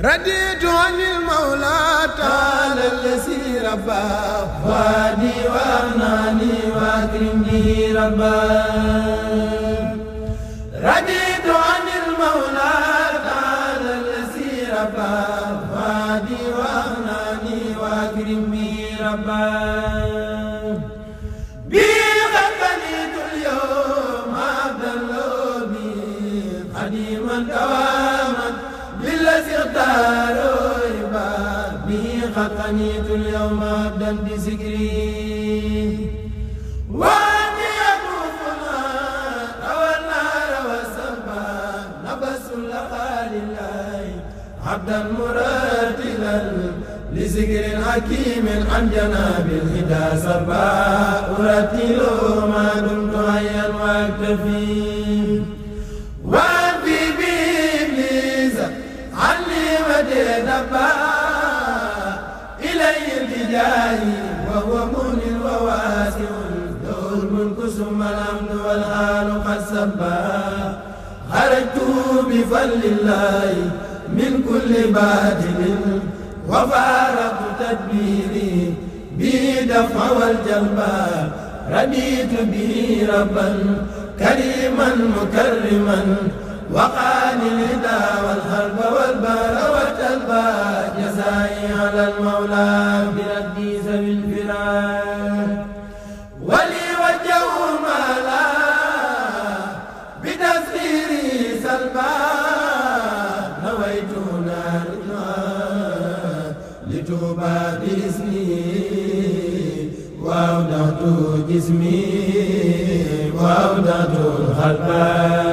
رضيت عن المولى تعالى الذي ربى وادي وأغناني وأكرمني ربا رضيت عن المولى تعالى الذي ربى وادي وأغناني وأكرمني ربا قديما دوام دار يبان به قد قنيت اليوم عبدا بذكري وأني أطوف روى النار والسما نبس لقى لله عبدا مرتلا لذكر حكيم عن جناب الهدى سربا أرتل ما دمت حيا وأكتفي زينبا إلي الهجاء وهو مهن وواسع له الملك ثم الأمن والآل قد سبا خرجت بفضل الله من كل باطل وفارق تدبيري به دفع والجلبا رديت به ربا كريما مكرما وقال لدى والحرب والبلاء أبا جزائي على المولى بردي سوي الفراق ولي وجه مالا بتسخيري سلبا نويت نارنا لتوبى باسمي وأودعت جسمي وأودعت الخلق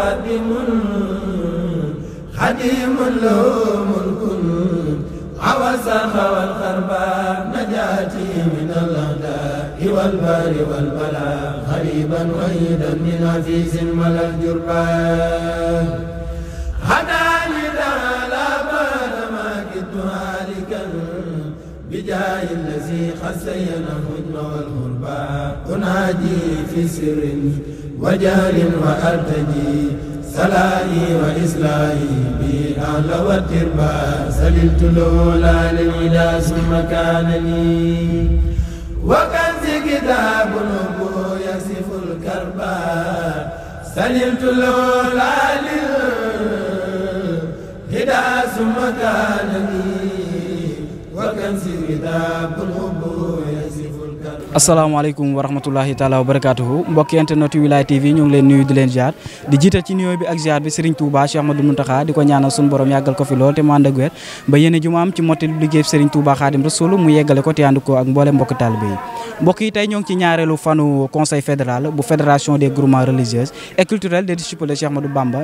خادم خديم له ملك عوز خوى الخرباء نجاتي من الأعداء والبار والبلاء غريبا وحيدا من عزيز ملا الجربان هداني تعالى بعد ما كدت هالكا بجاه الذي قد زين الهدن والغرباء أنادي في سر وجهر وأرتجي سلائي وإسلائي بالأهل والترباء سللت لولا للعلا ثم كان لي وكنز كتاب النبو يصف الكرباء سللت لولا للهدى ثم كان كتاب asalaamaaleykum wa rahmatulahi taala wa barakatuhu mbokki internet yu Wilaya TV ñu ngi leen nuyu di leen ziar di jiital ci nuyoo bi ak ziar bi Serigne Touba Cheikh Ahmadou Mountakha di ko ñaanal suñu borom yàggal ko fi lool te mu ànd ba yéene ju ci mottali liggéey Serigne Touba Khadim Rasoul mu yeggale ko te ànd ko ak mboolem mbokk taalibe yi mbokk ci ñaareelu fanu conseil fédéral bu fédération des groupements religieuses et culturels des disciples de Cheikh Ahmadou Bamba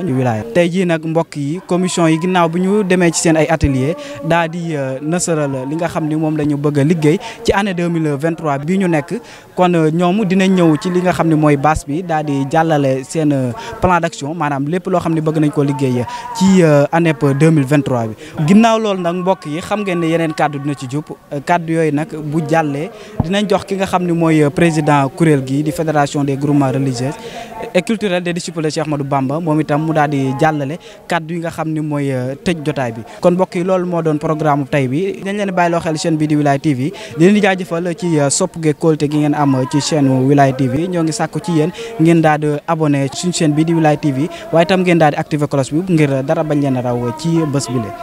euh, moom la ñu bëgg a liggéey nekk kon euh, ñoom dinañ ñëw ci li nga xam ne mooy base bi daal jàllale seen euh, plan d'action maanaam lépp loo xam ne bëgg nañ ko liggéey ci euh, ANEP 2023 bi ginnaaw loolu nag mbokk yi xam ngeen ne yeneen kàddu dina ci jub kàddu yooyu nag bu jàllee dinañ jox ki nga xam ne mooy président kuréel gi di fédération de groupements religieux et culturels des disciples de Cheikh Ahmadou Bamba moom itam mu daal di jàllale kàddu yi nga xam ni mooy tëj jotaay bi kon mbokk yi moo doon programme tey bi dañ leen bàyyi loo xel chaîne bi di Wilaya TV di leen jaajëfal ci kóolute gi ngeen am ci chaîne Wilaya TV ñoo ngi sàkku ci yéen ngeen daal di abonné suñu chaîne bi di Wilaya TV waaye tam ngeen daal di activé bi ngir dara ba leen a raw ci bés bi